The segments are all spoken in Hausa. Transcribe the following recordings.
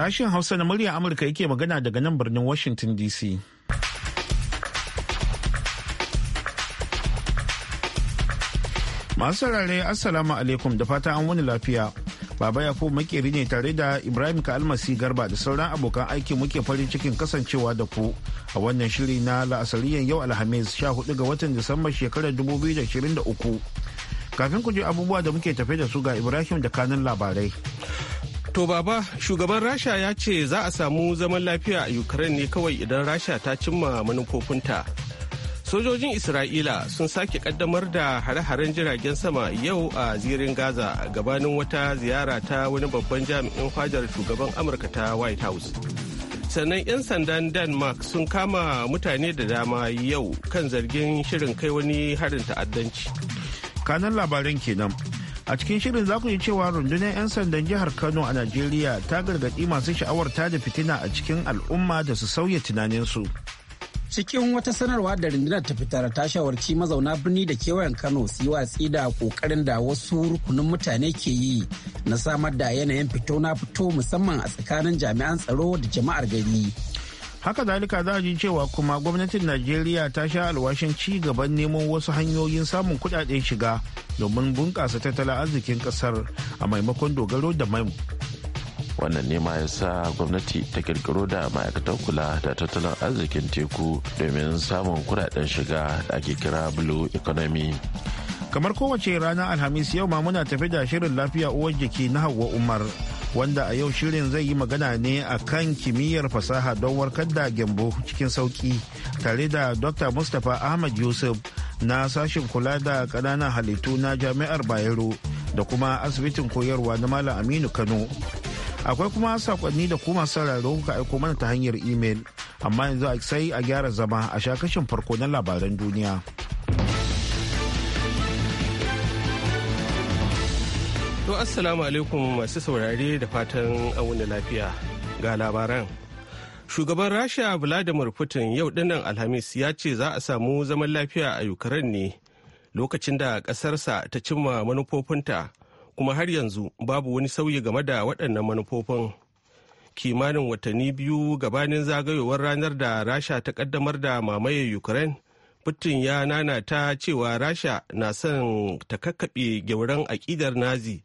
Sashen Hausa na murya Amurka yake magana daga nan birnin Washington DC. Masu rare Assalamu alaikum da fata an wani lafiya. Baba Yakubu makeri ne tare da Ibrahim Kalmasi Garba da sauran abokan aiki muke farin cikin kasancewa da ku a wannan shiri na la'asariyan yau Alhamis 14 ga watan Disamba shekarar 2023. Kafin ku je abubuwa da muke tafe da su ga Ibrahim da kanun labarai. To baba shugaban Rasha ya ce za a samu zaman lafiya a Ukraine ne kawai idan Rasha ta cimma manufofinta. Sojojin Isra'ila sun sake kaddamar da hare-haren jiragen sama yau a zirin Gaza gabanin wata ziyara ta wani babban jami'in fajar shugaban Amurka ta White House. Sannan 'yan sandan Denmark sun kama mutane da dama yau kan zargin shirin kai wani harin ta'addanci. Kanan labaran kenan a cikin shirin za ku ji cewa rundunar 'yan sandan jihar kano a najeriya ta gargaɗi masu sha'awar ta da fitina a cikin al'umma da su sauya tunaninsu cikin wata sanarwa da rundunar ta fitar ta shawarci mazauna birni da kewayen kano su yi watsi da kokarin da wasu rukunin mutane ke yi na samar da yanayin fito na fito musamman a tsakanin jami'an tsaro da jama'ar gari haka zalika za a ji cewa kuma gwamnatin najeriya ta sha alwashin ci gaban neman wasu hanyoyin samun kudaden shiga domin bunƙasa tattalin arzikin kasar a maimakon dogaro da mai wannan nema ya sa gwamnati ta kirkiro da ma'aikatar kula da tattalin arzikin teku domin samun kudaden shiga da ake kira blue economy kamar kowace rana alhamis yau ma muna tafi da shirin lafiya uwar jiki na hawa umar wanda a yau shirin zai yi magana ne a kan kimiyyar fasaha don warkar da gyambo cikin sauki tare da dr mustapha ahmad yusuf na sashen kula da ƙananan halittu na jami'ar bayero da kuma asibitin koyarwa na malam aminu kano akwai kuma sakonni da kuma sauraro ka aiko mana ta hanyar imel amma yanzu sai a gyara zama a shakashin farko na labaran duniya. To assalamu alaikum masu saurare da fatan wani lafiya ga labaran. Shugaban Rasha Vladimir Putin yau dinnan Alhamis ya ce za a samu zaman lafiya a Ukraine ne lokacin da ƙasarsa ta cimma manufofinta kuma har yanzu babu wani sauyi game da waɗannan manufofin. Kimanin watanni biyu gabanin zagayowar ranar da Rasha ta ƙaddamar da mamaye Ukraine Putin ya nanata cewa Rasha na son ta kakkaɓe gyauran aƙidar Nazi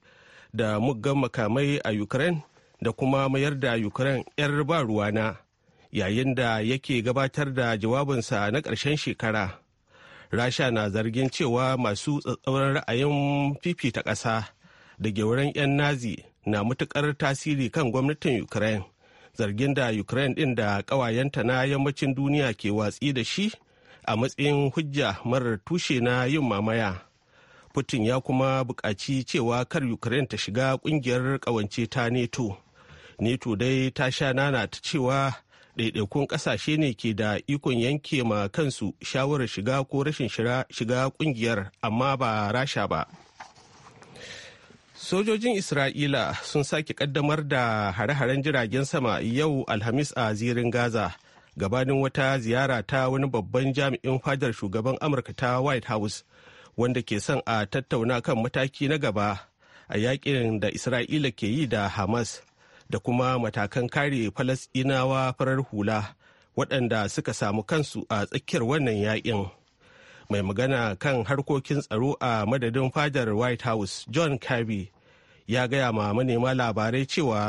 da muggan makamai a Ukraine da kuma mayar da Ukraine 'yar ba ruwana yayin da yake gabatar da jawabinsa na ƙarshen shekara. Rasha na zargin cewa masu tsatsauran ra'ayin fifita ƙasa da gyauran 'yan Nazi na matuƙar tasiri kan gwamnatin Ukraine. Zargin da Ukraine ɗin da ƙawayenta na yammacin duniya ke watsi da shi a matsayin hujja marar tushe na yin mamaya putin ya kuma buƙaci cewa kar ukraine ta shiga ƙungiyar ƙawance ta neto neto dai ta sha nana ta cewa ɗaiɗaikun ƙasashe ne ke da ikon yanke ma kansu shawarar shiga ko rashin shiga ƙungiyar amma ba rasha ba sojojin isra'ila sun sake ƙaddamar da hare-haren jiragen sama yau alhamis a zirin gaza gabanin wata ziyara ta wani babban jami'in fadar shugaban amurka ta white house wanda ke son a tattauna kan mataki na gaba a yakin da isra'ila ke yi da hamas da kuma matakan kare falasɗinawa farar hula waɗanda suka samu kansu a tsakiyar wannan yakin mai magana kan harkokin tsaro a madadin fadar white house john kirby ya gaya ma manema labarai cewa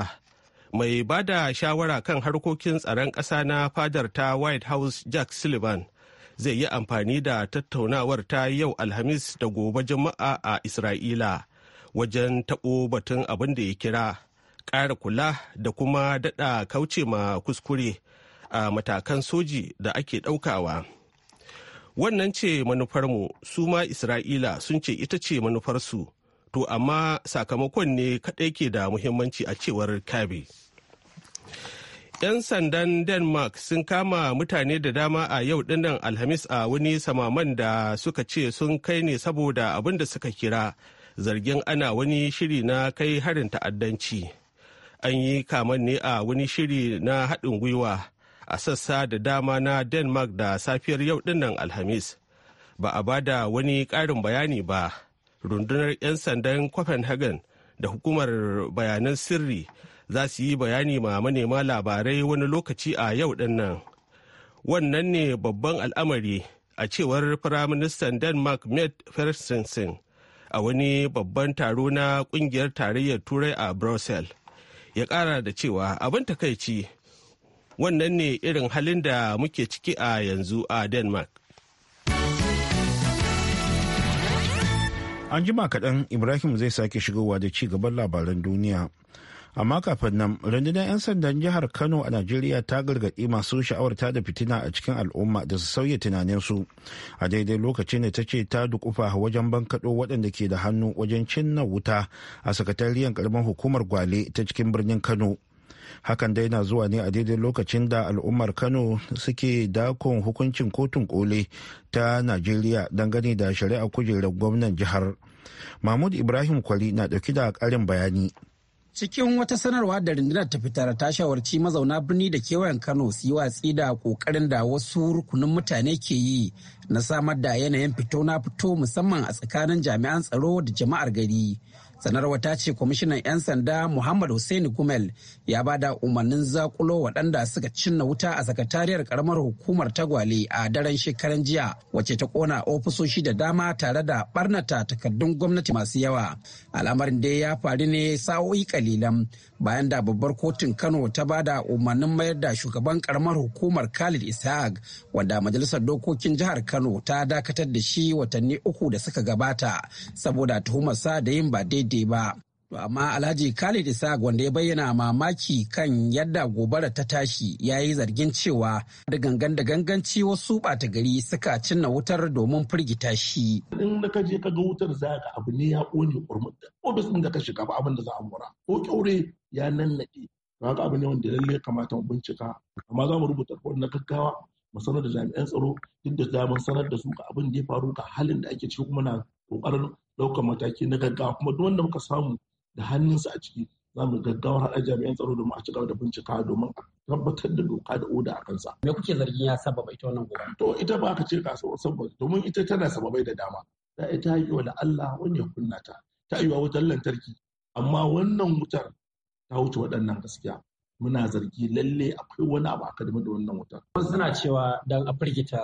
mai ba da shawara kan harkokin tsaron ƙasa na fadar ta white house jack sullivan zai yi amfani da tattaunawar ta yau alhamis da gobe jama'a a isra'ila wajen taɓo batun abin da ya kira ƙara kula da kuma daɗa kauce ma kuskure a matakan soji da ake ɗaukawa wannan ce manufarmu su ma isra'ila sun ce ita ce manufarsu to amma sakamakon ne kaɗai ke da muhimmanci a cewar Kabi. 'Yan sandan Denmark sun kama mutane da dama a yau dinnan Alhamis a wani samaman da suka ce sun kai ne saboda abin da suka kira zargin ana wani shiri na kai harin ta'addanci. An yi kaman ne a wani shiri na haɗin gwiwa a sassa da dama na Denmark da safiyar yau dinnan Alhamis. Ba a bada wani ƙarin bayani ba. Rundunar 'yan sandan Copenhagen da hukumar bayanan sirri za su yi bayani ma manema labarai wani lokaci a yau dinnan. Wannan ne babban al'amari a cewar Firaministan Denmark Met Fersensen a wani babban taro na kungiyar tarayyar Turai a Brussels. Ya kara da cewa abin takaici wannan ne irin halin da muke ciki a yanzu a Denmark. An jima kaɗan Ibrahim zai sake shigowa da ci gaban labaran duniya. amma kafin nan rundunar 'yan sandan jihar kano a najeriya ta gargaɗi masu sha'awar ta da fitina a cikin al'umma da su sauya tunaninsu a daidai lokacin da ta ce ta dukufa wajen bankaɗo waɗanda ke da hannu wajen cinna wuta a sakatariyar karamar hukumar gwale ta cikin birnin kano hakan dai na zuwa ne a daidai lokacin da al'ummar kano suke dakon hukuncin kotun koli ta najeriya dangane da shari'a kujerar gwamnan jihar mahmud ibrahim kwari na dauki da karin bayani cikin wata sanarwa da rundunar ta fitar ta shawarci mazauna birni da kewayen kano su yi watsi da kokarin da wasu rukunin mutane ke yi na samar da yanayin fito na fito musamman a tsakanin jami'an tsaro da jama'ar gari sanarwa ta ce kwamishinan 'yan sanda muhammad hussein gumel ya ba da umarnin zakulo waɗanda suka cinna wuta a sakatariyar karamar hukumar tagwale a daren shekaran jiya wacce ta kona ofisoshi da dama tare da ɓarnata takardun gwamnati masu yawa al'amarin da ya faru ne sa'o'i kalilan bayan da babbar kotun kano ta ba da umarnin mayar da shugaban karamar hukumar khalid ishaq wanda majalisar dokokin jihar kano ta dakatar da shi watanni uku da suka gabata saboda tuhumarsa da yin ba daidai daidai ba. To amma Alhaji Khalid Isaac wanda ya bayyana mamaki kan yadda gobara ta tashi ya yi zargin cewa da gangan da ganganci wasu ɓata gari suka cinna wutar domin firgita shi. In da ka je ka ga wutar za ka abu ne ya ƙone ƙurmuta. Ofis ɗin da ka shiga ba abin da za a mura. Ko ƙyaure ya nannaɗe. Ba ka abu ne wanda ya kamata mu bincika. Amma za mu rubuta ko na gaggawa mu sanar da jami'an tsaro duk da damar sanar da su ga abin da ya faru ga halin da ake ciki kuma na kokarin ɗaukar mataki na gaggawa kuma duk wanda muka samu da hannunsa a ciki za mu gaggawar haɗa jami'an tsaro domin a ci gaba da bincika domin a tabbatar da doka da oda a kansa. Me kuke zargin ya sababa ita wannan gobe? To ita ba ka ce kasuwar saboda domin ita tana sababai da dama. Da ita yi wa Allah wani ya kunna ta. Ta yi wa wutar lantarki amma wannan wutar ta wuce waɗannan gaskiya. Muna zargi lalle akwai wani abu aka da wannan wutar. Wasu suna cewa dan a firgita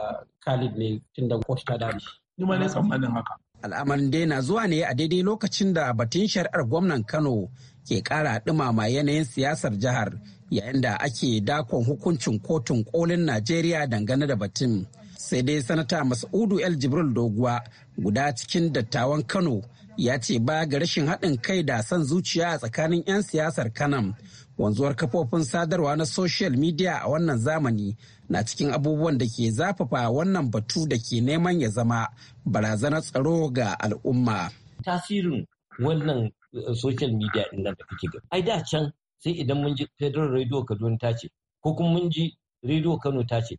Khalid ne tun da kotu ta dame. Ni ma ne tsammanin haka. al'amarin dai na zuwa ne a daidai lokacin da batun shari'ar gwamnan kano ke kara dumama yanayin siyasar jihar yayin da ake dakon hukuncin kotun kolin najeriya dangane da batun sai dai sanata mas'udu el jibril doguwa guda cikin dattawan kano ya ce ba ga rashin haɗin kai da son zuciya a tsakanin 'yan siyasar kanan wanzuwar kafofin sadarwa na social media a wannan zamani na cikin abubuwan da ke zafafa wannan batu da ke neman ya zama barazanar tsaro ga al'umma. Tasirin wannan eh, social media din da kake Ai da can sai idan mun ji Federal Radio Kaduna ta ce ko kuma mun ji Radio Kano ta ce.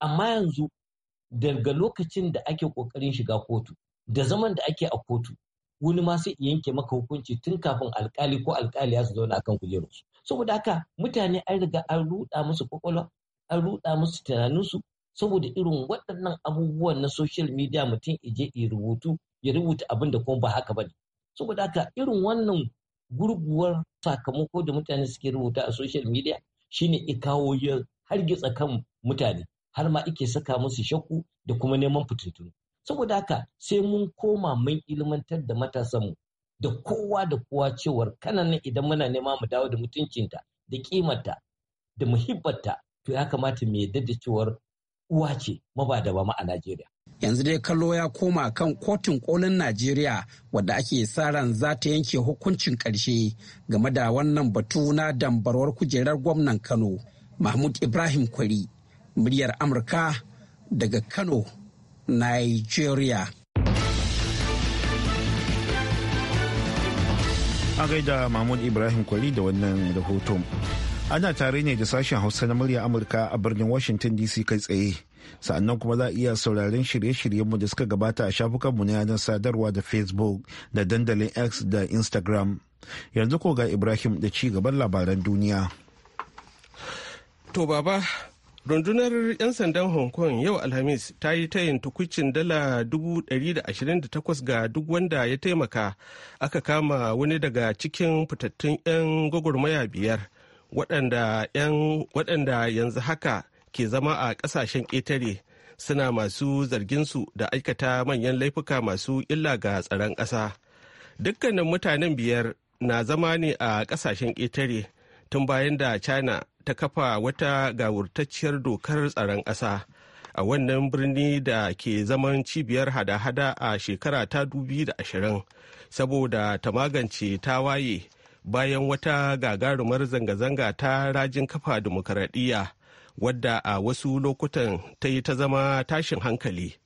Amma yanzu daga lokacin da ake kokarin shiga kotu da zaman da ake a kotu wani ma sai yanke maka hukunci tun kafin alkali ko alkali ya su zauna akan kujerarsu. saboda haka mutane an riga an ruɗa musu kwakwalwa an ruɗa musu tunaninsu saboda irin waɗannan abubuwan na social media mutum ije ya rubutu ya rubuta abin da kuma ba haka ba ne saboda haka irin wannan gurguwar sakamako da mutane suke rubuta a social media shine ya kawo ya hargitsa kan mutane har ma ike saka musu shakku da kuma neman fitintunu saboda haka sai mun koma mun ilmantar da matasanmu da kowa da kowa cewar kananan idan muna nema mu dawo da mutuncinta da kimarta da muhibbarta to ya kamata mu yadda da cewar uwa ce mabada ba ma a Najeriya. Yanzu dai kallo ya koma kan kotun kolin Najeriya wadda ake sa ran za ta yanke hukuncin ƙarshe game da wannan batu na dambarwar kujerar gwamnan Kano. Mahmud Ibrahim Kwari, muryar Amurka daga Kano, Nigeria. a gaida mahmud ibrahim kwali da wannan rahoto ana tare ne da sashen hausa na murya amurka a birnin washington dc kai tsaye sa'annan kuma za a iya sauraren shirye-shiryenmu da suka gabata a shafukanmu na yanar sadarwa da facebook da dandalin x da instagram yanzu ko ga ibrahim da ci gaban labaran duniya to baba rundunar 'yan sandan hong kong yau alhamis ta yi tayin tukucin dala 128 ga duk wanda ya taimaka aka kama wani daga cikin fitattun 'yan gwagwarmaya biyar waɗanda yanzu haka ke zama a ƙasashen ƙetare suna masu zarginsu da aikata manyan laifuka masu illa ga tsaron ƙasa dukkanin mutanen biyar na zama ne a ƙasashen ƙetare tun bayan da china ta kafa wata gawurtacciyar dokar tsaron ƙasa a wannan birni da ke zaman cibiyar hada-hada a shekara ta dubi da ashirin saboda ta magance ta waye bayan wata gagarumar zanga-zanga ta rajin kafa dimokuraɗiyya wadda a wasu lokutan ta yi ta zama tashin hankali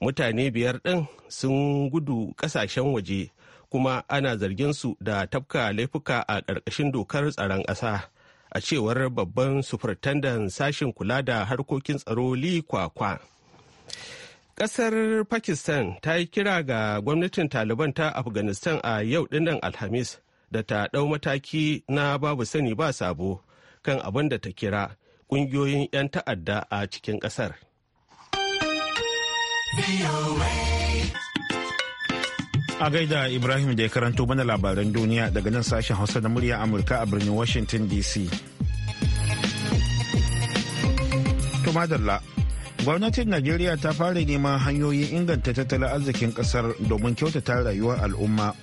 mutane biyar ɗin sun gudu ƙasashen waje kuma ana zargin su da tafka laifuka a ƙarƙashin dokar tsaron ƙasa a cewar babban sufurtandan sashen kula da harkokin tsaro li kwakwa ƙasar pakistan ta yi kira ga gwamnatin taliban ta afghanistan a yau dinnan alhamis da ta ɗau mataki na babu sani ba sabo kan abin da ta kira ƙungiyoyin 'yan ta'adda a cikin ƙasar. A gaida Ibrahim da ya karanto mana labaran duniya daga nan sashen Hausa na murya Amurka a birnin Washington DC. Tumadalla, gwamnatin Najeriya ta fara neman hanyoyin inganta tattalin arzikin kasar domin kyautata rayuwar al'umma.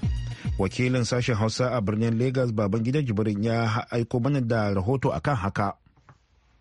Wakilin sashen Hausa a birnin Lagos Babangida Jibrin ya aiko mana da rahoto akan haka.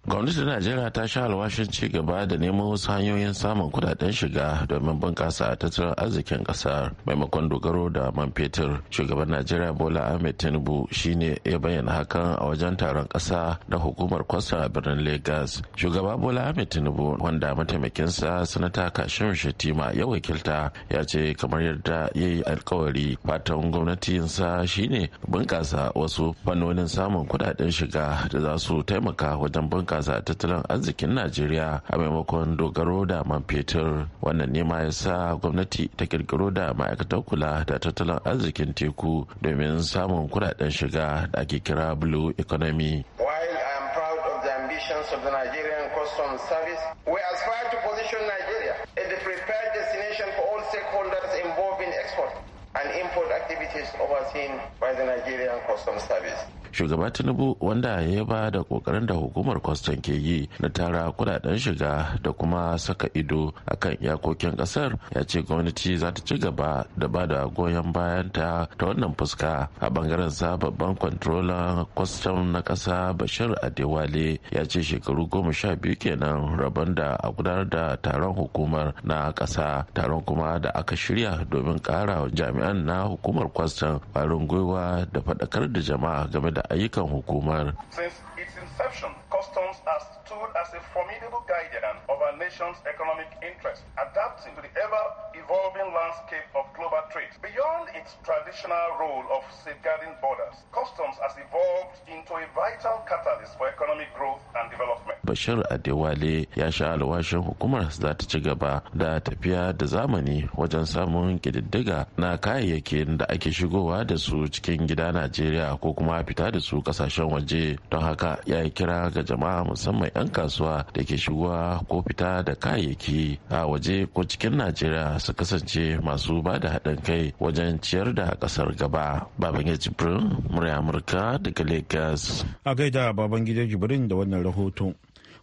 gwamnatin najeriya ta sha alwashin ci gaba da neman wasu hanyoyin samun kudaden shiga domin bunƙasa tattalin arzikin ƙasar maimakon dogaro da man fetur shugaban najeriya bola ahmed tinubu shine ya bayyana hakan a wajen taron ƙasa na hukumar kwasa a birnin Legas. shugaba bola ahmed tinubu wanda mataimakinsa sanata kashim shetima ya wakilta ya ce kamar yadda ya yi alkawari fatan gwamnatinsa shine bunƙasa wasu fannonin samun kudaden shiga da za su taimaka wajen bunƙasa bunƙasa tattalin arzikin najeriya a maimakon dogaro da man fetur wannan nema ya sa gwamnati ta kirkiro da ma'aikatar kula da tattalin arzikin teku domin samun kudaden shiga da ake kira blue economy of the Nigerian Customs Service, we to position Nigeria as destination for all stakeholders export and import activities overseen by the Nigerian Customs Service. shugaba tinubu wanda ya ba da kokarin da hukumar kwastan ke yi na tara kudaden shiga da kuma saka ido akan iyakokin kasar ya ce gwamnati za ta ci gaba da ba da goyon bayan ta ta wannan fuska a bangaren sa babban kwantrolan kwastam na kasa bashir adewale ya ce shekaru goma sha biyu kenan rabon da a gudanar da taron hukumar na kasa taron kuma da aka shirya domin kara jami'an na hukumar kwastam kwarin gwiwa da faɗakar da jama'a game da Since its inception, customs has stood as a formidable guardian of a nation's economic interests, adapting to the ever-evolving landscape of global trade. Beyond its traditional role of safeguarding borders, customs has evolved into a vital catalyst for economic growth and development. bashir adewale ya sha alwashin hukumar za ta ci gaba da tafiya da zamani wajen samun ƙididdiga na kayayyakin da ake shigowa da su cikin gida najeriya ko kuma fita da su kasashen waje don haka ya yi kira ga jama'a musamman 'yan kasuwa da ke shigowa ko fita da kayayyaki a waje ko cikin najeriya su kasance masu ba da haɗin kai wajen ciyar da ƙasar gaba babangida jibrin murya amurka daga lagos a gaida babangida jibrin da wannan rahoton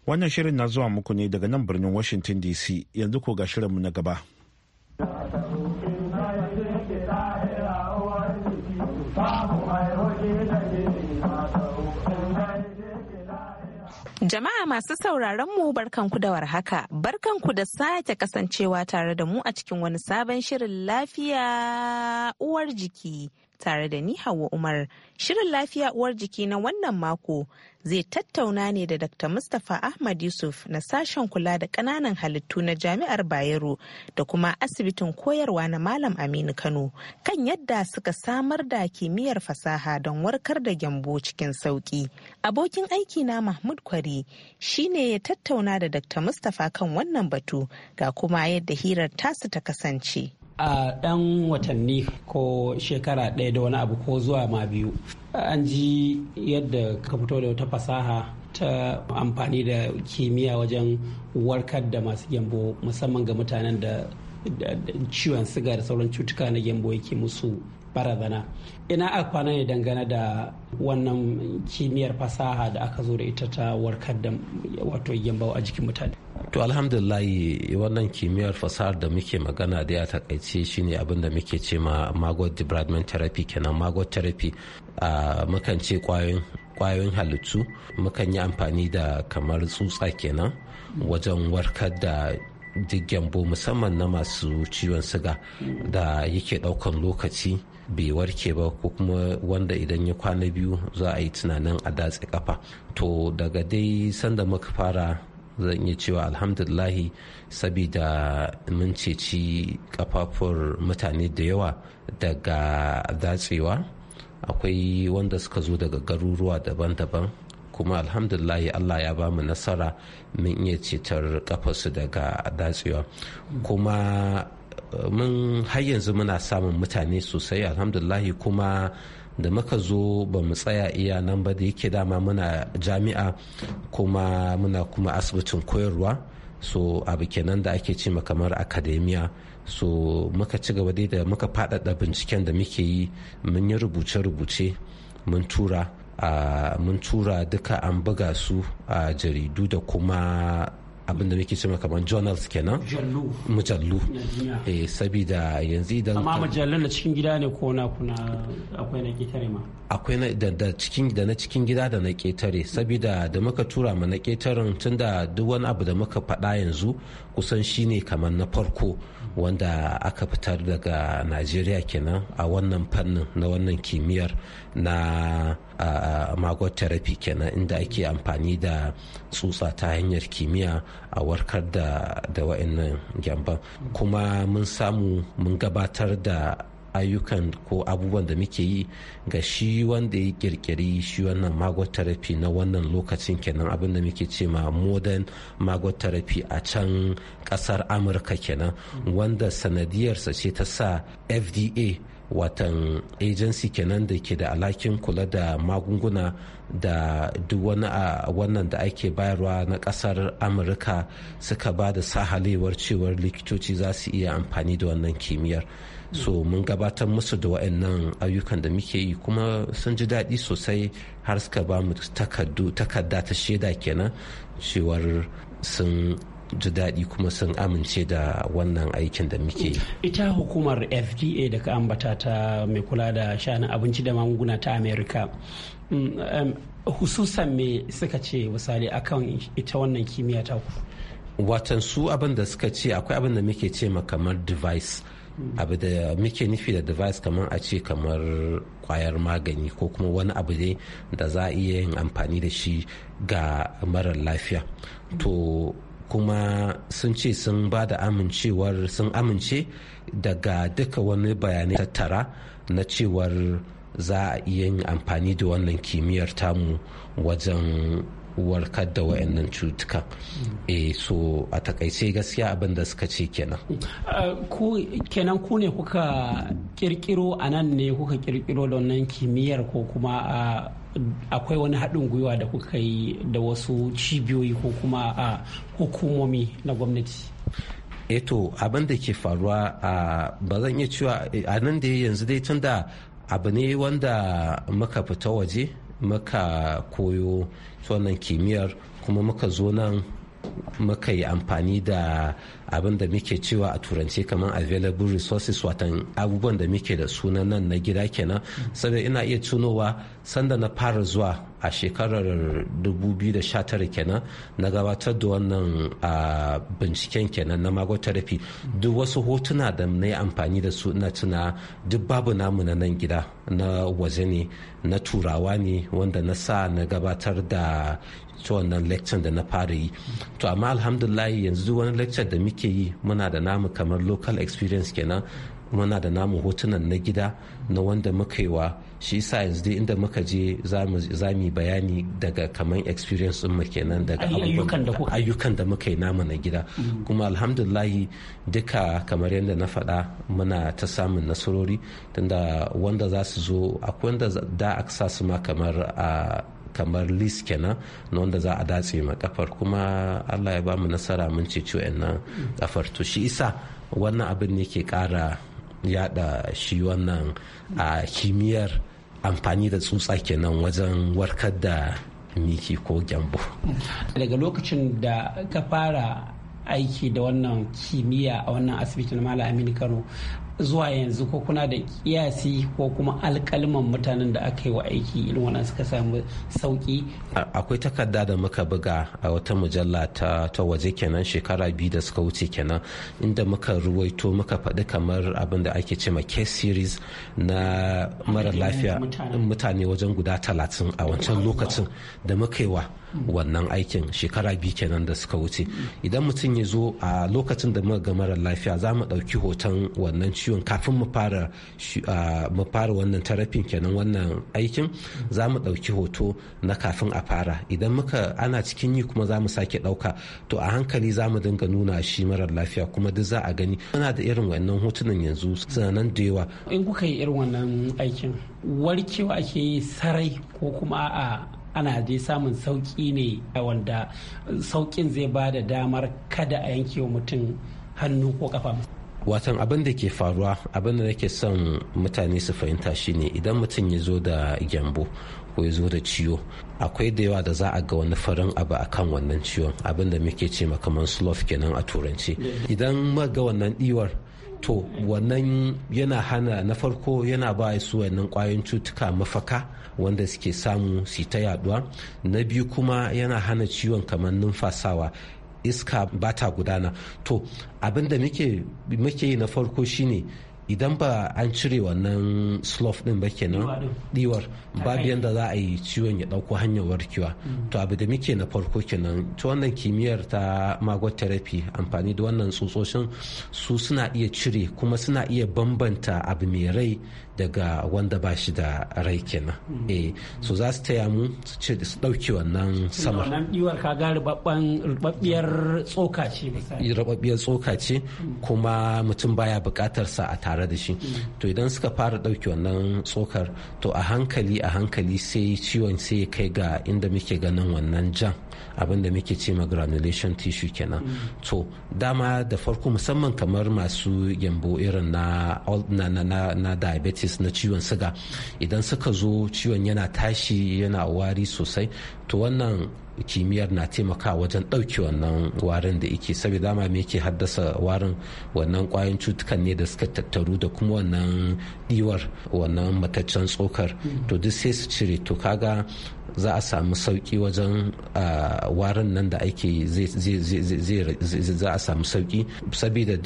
Wannan shirin na zuwa muku ne daga nan birnin Washington DC yanzu ko ga shirinmu na gaba. Jama'a masu sauraron mu barkanku da warhaka, barkanku da sake kasancewa tare da mu a cikin wani sabon shirin lafiya uwar jiki tare da ni Hauwa Umar. Shirin lafiya uwar jiki na wannan mako zai tattauna ne da Dr. Mustapha Ahmad Yusuf na sashen kula da ƙananan halittu na Jami'ar Bayero da kuma asibitin koyarwa na Malam Aminu Kano kan yadda suka samar da kimiyyar fasaha don warkar da gyambo cikin sauƙi. Abokin aiki na Mahmud Kwari shine ya tattauna da Dr. Mustapha kan wannan batu ga kuma yadda hirar tasu ta kasance. a ɗan watanni ko shekara ɗaya da wani abu ko zuwa ma biyu an ji yadda ka fito da wata fasaha ta amfani da kimiyya wajen warkar da masu gyambo musamman ga mutanen da ciwon siga da sauran cutuka na gyambo yake musu barazana ina a kwana ne dangane da wannan kimiyyar fasaha da aka zo da ita ta warkar da wato gyambo a jikin mutane to alhamdulillahi wannan kimiyyar fasahar da muke magana da ya takaice shine abin da muke ce ma magot debridement therapy kenan magot therapy a mukan ce kwayoyin halittu mukan yi amfani da kamar tsutsa kenan wajen warkar da duk gyambo musamman na masu ciwon siga da yake daukan lokaci bai warke ba ko kuma wanda idan ya kwana biyu za a yi tunanin a datse kafa to daga dai sanda muka fara zan iya cewa alhamdulahi sabida mun ceci kafafun mutane da yawa daga datsewa akwai wanda suka zo daga garuruwa daban-daban kuma alhamdulahi allah ya ba mu nasara mun iya cetar kafasu daga datsewa kuma eh, mun har yanzu muna samun mutane sosai alhamdulahi kuma da muka zo ba mu tsaya iya nan ba da yake dama muna jami'a kuma muna kuma asibitin koyarwa so abu kenan da ake ce kamar akademiya so muka ci gaba dai da muka faɗaɗa binciken da muke yi mun yi rubuce-rubuce mun tura ah, mun tura duka an buga su a jaridu da kuma abin da muke cewa kamar journals kenan mujallu eh saboda yanzu idan amma mujallan da cikin gida ne ko na kuna akwai na ketare ma akwai na da cikin da na cikin gida da na ketare saboda da muka tura ma na ketaren tunda duk wani abu da muka faɗa yanzu kusan shine kamar na farko wanda aka fitar daga najeriya kenan a wannan fannin na wannan kimiyyar na magot therapy kenan inda ake amfani da tsutsa ta hanyar kimiyya a warkar da wa'annan gyamban kuma mun samu mun gabatar da ayyukan ko abubuwan da muke yi ga shi wanda ya kirkiri shi wannan magot na wannan lokacin kenan abin da muke ce ma modern magot a can kasar amurka kenan wanda sanadiyarsa ce ta sa fda watan agency kenan da ke da alhakin kula da magunguna da duk wani a wannan da ake bayarwa na kasar amurka suka ba da sahalewar cewar likitoci za su iya amfani da wannan kimiyyar so mun gabatar musu da wa'annan ayyukan da muke yi kuma sun ji daɗi sosai har suka ba mu takarda ta shaida kenan cewar sun ji daɗi kuma sun amince da wannan aikin da muke yi. ita hukumar fda da ka ambata ta mai kula da sha'anin abinci da magunguna ta Amerika. Mm, hususan me suka ce misali akan ita wannan kimiyya ta watan su abin da suka ce akwai abin da muke ce kamar device abu da muke nufi da device kamar a ce kamar kwayar magani ko kuma wani abu ne da za a iya yin amfani da shi ga marar lafiya to kuma sun ce sun ba da amincewar sun amince daga duka wani bayanai tattara na cewar za a iya yin amfani da wannan kimiyyar tamu wajen warkar da wayannan cutuka e eh, so a takaice gaskiya abin da suka ce kenan eh, kenan ku ne kuka kirkiro a nan ne kuka kirkiro da wannan kimiyyar ko kuma akwai wani haɗin gwiwa da kuka yi da wasu cibiyoyi ko kuma a hukumomi na gwamnati eto eh, abin da ke faruwa a ba zan iya cewa a nan da yanzu dai tunda abu ne wanda muka fita waje muka koyo wannan kimiyyar kuma muka zo nan muka yi amfani da abin da muke cewa a turance kamar available resources watan abubuwan da muke da suna nan na gida kenan saboda ina iya tunowa sanda na fara zuwa a shekarar 2019 kenan na gabatar da wannan binciken kenan na magotarafi duk wasu hotuna da na yi amfani da su ina tuna duk babu namu na nan gida na waje ne na turawa ne wanda na sa na gabatar da ta wannan lecture da na fara yi to amma alhamdulillah yanzu wani lecture da muke yi muna da namu kamar local experience kenan muna da namu hotunan na gida na wanda muka yi wa shi sa yanzu dai inda muka je za mu bayani daga kaman experience mu kenan daga ayyukan da muka yi namu na gida mm. kuma alhamdulillah duka kamar yadda na faɗa muna ta samun nasarori tunda wanda za su zo akwai wanda da a sa su ma kamar a ah, kamar lis kenan na wanda za a datse ma kafar kuma allah ya ba mu nasara mun ce ceci wa'annan kafar to shi isa wannan abin ne ke kara yada shi wannan a kimiyyar amfani da tsutsa kenan wajen warkar da miki ko gyambo daga lokacin da ka fara aiki da wannan kimiyya a wannan asibiti na malam aminu kano zuwa yanzu ko kuna da kiyasi ko kuma alkalman mutanen da aka yi wa aiki irin wannan suka samu sauki akwai takarda da muka buga a wata mujalla ta, ta waje kenan shekara biyu da suka wuce kenan inda muka ruwaito muka faɗi kamar abin da ake ce ma case series na mara lafiya mutane wajen guda talatin a wancan lokacin da muka yi wa wannan aikin shekara biyu kenan da suka wuce idan mutum ya zo a lokacin da muka ga mara lafiya za mu ɗauki hoton wannan ciwo ciwon kafin mu fara mu fara wannan tarafin kenan wannan aikin za mu ɗauki hoto na kafin a fara idan muka ana cikin yi kuma za mu sake ɗauka to a hankali za mu dinga nuna shi marar lafiya kuma duk za a gani muna da irin wannan hotunan yanzu sanan da yawa in kuka yi irin wannan aikin warkewa ake yi sarai ko kuma a'a ana dai samun sauki ne wanda saukin zai ba da damar kada a yanke wa mutum hannu ko kafa watan abin da ke faruwa abin da nake son mutane su fahimta shine idan mutum ya zo da gyambo ko ya zo da ciwo akwai da yawa da za a ga wani farin abu a kan wannan ciwon abin da muke ce kamar sloth kenan a turanci idan ga wannan diwar to wannan yana hana na farko yana ba su wannan kwayoyin cutuka mafaka wanda suke samu su ta yaduwa na biyu kuma yana hana ciwon kamar numfasawa iska ba ta gudana to abin da muke yi na farko shine idan ba an cire wannan slough din ba kenan diwar babu yadda za a yi ciwon ya dauko hanyar warkewa mm. to abu da muke na farko kenan ta wannan kimiyyar ta magot therapy amfani da wannan tsotsoshin su suna iya cire kuma suna iya bambanta abu mai rai daga wanda ba shi da rai kenan e so za su taya mu su ce su dauki wannan samar. wannan diwar ka ga rubabbiyar tsoka ce misali rubabbiyar tsoka ce hmm. kuma mutum baya bukatar sa a tare da shi hmm. to idan suka fara dauki wannan tsokar to a hankali a hankali sai ciwon sai kai ga inda muke ganin wannan jan abin da muke ce ma granulation tissue kenan mm. to dama da farko musamman kamar masu gyambo irin na na diabetes na ciwon siga idan suka zo ciwon yana tashi yana wari sosai to wannan kimiyyar na taimakawa wajen ɗauke wannan warin da yake saboda dama me yake haddasa warin wannan kwayoyin cutukan ne da suka tattaru da kuma wannan diwar wannan mataccen tsokar mm. to duk sai su cire to kaga za a samu sauki wajen warin nan da ake za a samu sauki saboda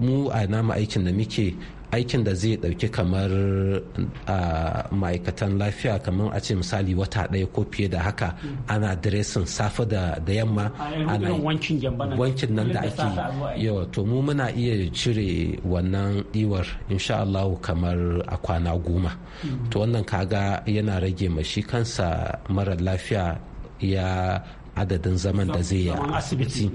mu a nama aikin da muke aikin da zai dauki kamar a ma'aikatan lafiya kamar a ce misali wata ɗaya ko fiye da haka ana diresin safe da yamma ana wankin nan da ake yawa to mu muna iya cire wannan diwar insha Allah kamar a kwana goma mm. to wannan kaga yana rage mashi kansa mara lafiya ya adadin zaman da zai yi a asibiti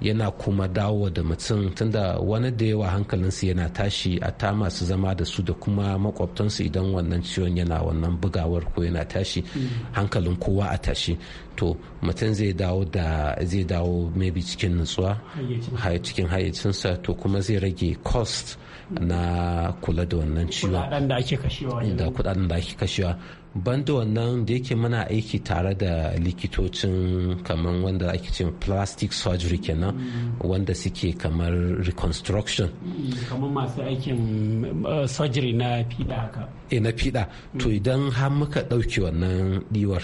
yana kuma dawo da mutum tunda wani da yawa hankalinsu yana tashi a ta masu zama da su da kuma makwabtansu idan wannan ciwon yana wannan bugawar ko yana tashi hankalin kowa a tashi to mutum zai dawo da zai dawo maybe cikin nutsuwa cikin hayyacinsa to kuma zai rage cost na kula da wannan ciwon da kudaden da ake kashewa banda wannan da yake muna aiki tare da likitocin kamar wanda ake ce plastic surgery kenan wanda suke kamar reconstruction kamar masu aikin eh, surgery na fiɗa haka e na fida to idan har muka ɗauke wannan diwar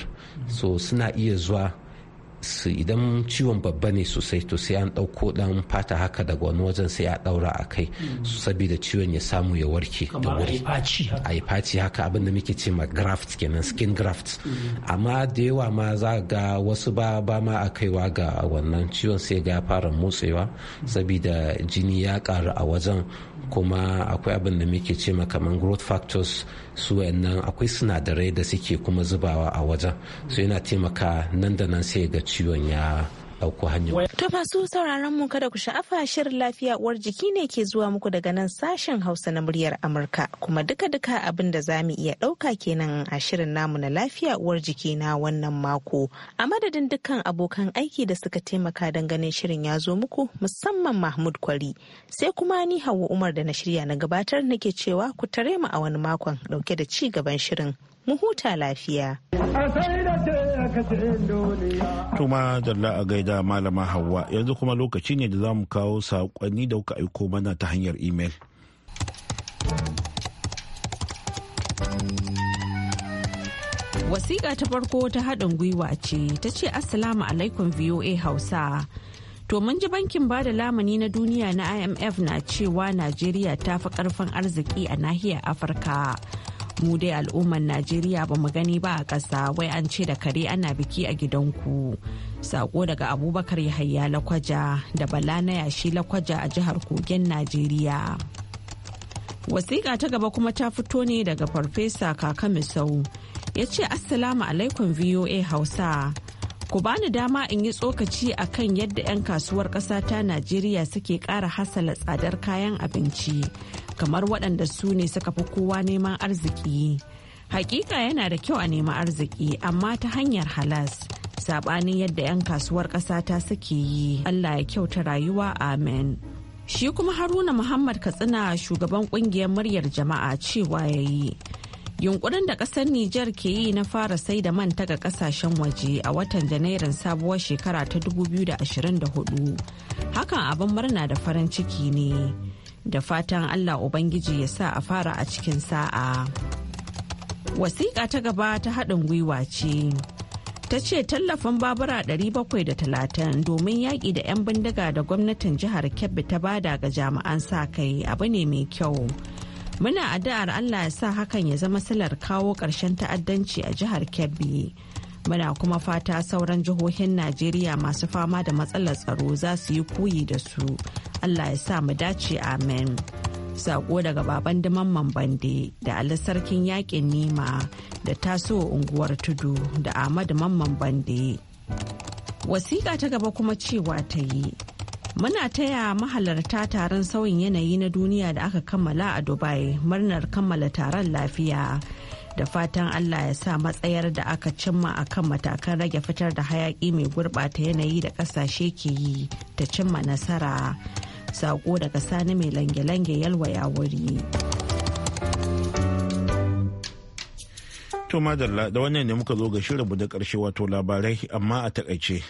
so suna iya zuwa su idan ciwon babba ne sosai to sai an ɗauko ɗan fata haka daga wani wajen sai a ɗaura a kai hmm. saboda ciwon ya samu ya warke da wuri a yi faci haka abin da muke ce ma graft kenan skin graft hmm. amma da yawa ma za ga wasu ba ba ma a kaiwa ga wannan ciwon sai ga ya fara motsewa hmm. saboda jini ya ƙaru a wajen kuma akwai abin da muke ce kaman growth factors su wayannan akwai sinadarai da suke kuma zubawa a wajen su yana taimaka nan da nan sai ga ciwon ya ɗauko hanyar. To masu sauraron mu kada ku sha'afa shirin lafiya uwar jiki ne ke zuwa muku daga nan sashen Hausa na muryar Amurka kuma duka-duka abin da za mu iya ɗauka kenan a shirin namu na lafiya uwar jiki na wannan mako. A madadin dukkan abokan aiki da suka taimaka don ganin shirin ya zo muku musamman Mahmud Kwari sai kuma ni Hauwa Umar da na shirya na gabatar nake cewa ku tare mu a wani makon ɗauke da ci gaban shirin. Mu huta lafiya. Tuma Jalla a gaida Malama hawa yanzu kuma lokaci ne da za mu kawo saƙonni da kuka aiko mana ta hanyar imel. Wasiƙa ta farko ta haɗin gwiwa ce ta ce Assalamu alaikum VOA Hausa. To mun ji bankin bada lamuni na duniya na IMF na cewa Najeriya ta fi ƙarfin arziki a nahiyar Afirka. mu dai al'ummar najeriya ba mu gani ba a ƙasa wai an ce da kare ana biki a gidanku sako daga abubakar yahaya lakwaja da bala na yashi lakwaja a jihar kogin najeriya wasiƙa ta gaba kuma ta fito ne daga farfesa kaka misau ya ce assalamu alaikum voa hausa ku bani dama in yi tsokaci a kan yadda 'yan kasuwar ƙasa ta najeriya suke ƙara hasala tsadar kayan abinci kamar waɗanda su ne suka fi kowa neman arziki hakika yana da kyau a nemi arziki amma ta hanyar halas saɓanin yadda 'yan kasuwar ƙasa ta suke yi allah ya kyauta rayuwa amen shi kuma haruna muhammad katsina shugaban ƙungiyar muryar jama'a cewa ya yi yunkurin da ƙasar nijar ke yi na fara sai da man taga ƙasashen waje a watan janairun sabuwar shekara ta 2024 hakan abin murna da farin ciki ne da fatan Allah Ubangiji ya sa a fara a cikin sa'a. Wasiƙa ta gaba ta haɗin gwiwa ce. Ta ce tallafin babura 730 domin yaƙi da 'yan bindiga da gwamnatin jihar Kebbi ta bada ga jami'an sa kai abu ne mai kyau. Muna addu'ar Allah ya sa hakan ya zama silar kawo ƙarshen ta'addanci a jihar Kebbi. muna kuma fata sauran jihohin najeriya masu fama da matsalar tsaro za su yi koyi da su allah ya sa mu dace amen sako daga baban mamman bande da ali sarkin yakin nima da taso unguwar tudu da ahmadu mamman bande wasiƙa ta gaba kuma cewa ta yi muna taya mahalarta taron sauyin yanayi na duniya da aka kammala a dubai murnar kammala taron lafiya da fatan Allah ya sa matsayar da aka cimma a kan matakan rage fitar da hayaki mai gurɓata yanayi da ƙasashe ke yi ta cimma nasara. Sako daga sani mai lange-lange yalwa ya wuri. To madalla da wannan ne muka zo ga shirinmu da ƙarshe wato labarai amma a takaice.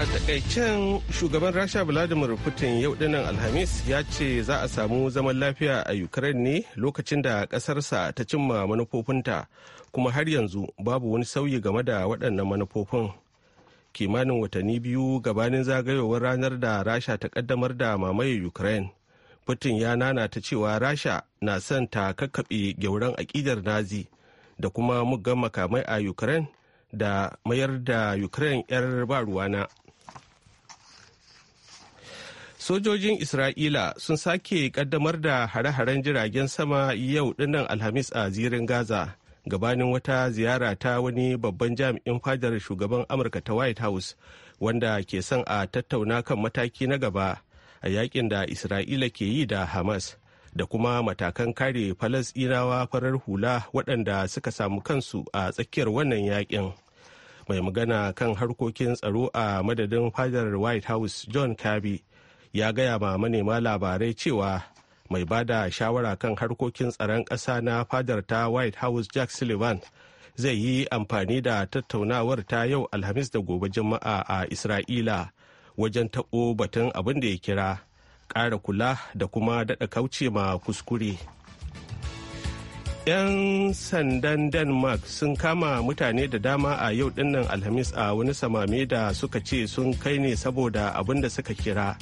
a takaicen shugaban rasha vladimir putin yau dinnan alhamis ya ce za a samu zaman lafiya a ukraine ne lokacin da ƙasarsa ta cimma manufofinta kuma har yanzu babu wani sauyi game da waɗannan manufofin kimanin watanni biyu gabanin zagayowar ranar da rasha ta kaddamar da mamaye ukraine putin ya nana ta cewa rasha na son ta kakkaɓe gyauran aƙidar nazi da kuma muggan makamai a ukraine da mayar da ukraine 'yar ba ruwana sojojin isra'ila sun sake kaddamar da hare-haren jiragen sama yau dinnan alhamis a zirin gaza gabanin wata ziyara ta wani babban jami'in fadar shugaban amurka ta white house wanda ke son a tattauna kan mataki na gaba a yakin da isra'ila ke yi da hamas da kuma matakan kare falasɗinawa farar hula waɗanda suka samu kansu a tsakiyar wannan yakin mai magana kan harkokin tsaro a madadin fadar white house john kirby ya gaya ma manema labarai cewa mai ba da shawara kan harkokin tsaron ƙasa na fadar ta white house jack sullivan zai yi amfani da tattaunawar ta yau alhamis da gobe jama'a a isra'ila wajen taɓo batun abin da ya kira ƙara kula da kuma daɗa kauce ma kuskure 'yan sandan denmark sun kama mutane da dama a yau dinnan alhamis a wani samame da suka ce sun kai ne saboda abin da suka kira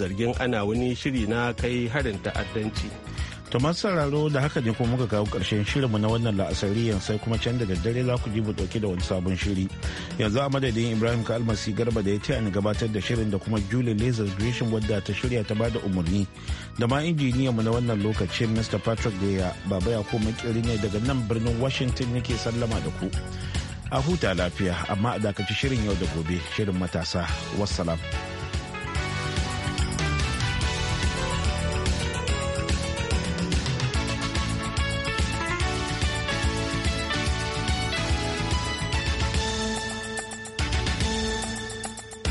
zargin ana wani shiri na kai harin ta'addanci. Thomas Sararo da haka ne kuma muka kawo karshen shirinmu na wannan la'asari la'asariyan sai kuma can da dare za ku ji mu dauke da wani sabon shiri. Yanzu a madadin Ibrahim Kalmasi Garba da ya ce ni gabatar da shirin da kuma Julie Lazar Gresham wadda ta shirya ta bada umarni. Da ma injiniya mu na wannan lokacin Mr. Patrick Gaya baba ya koma kirin ne daga nan birnin Washington yake sallama da ku. A huta lafiya amma a dakaci shirin yau da gobe shirin matasa. Wassalam.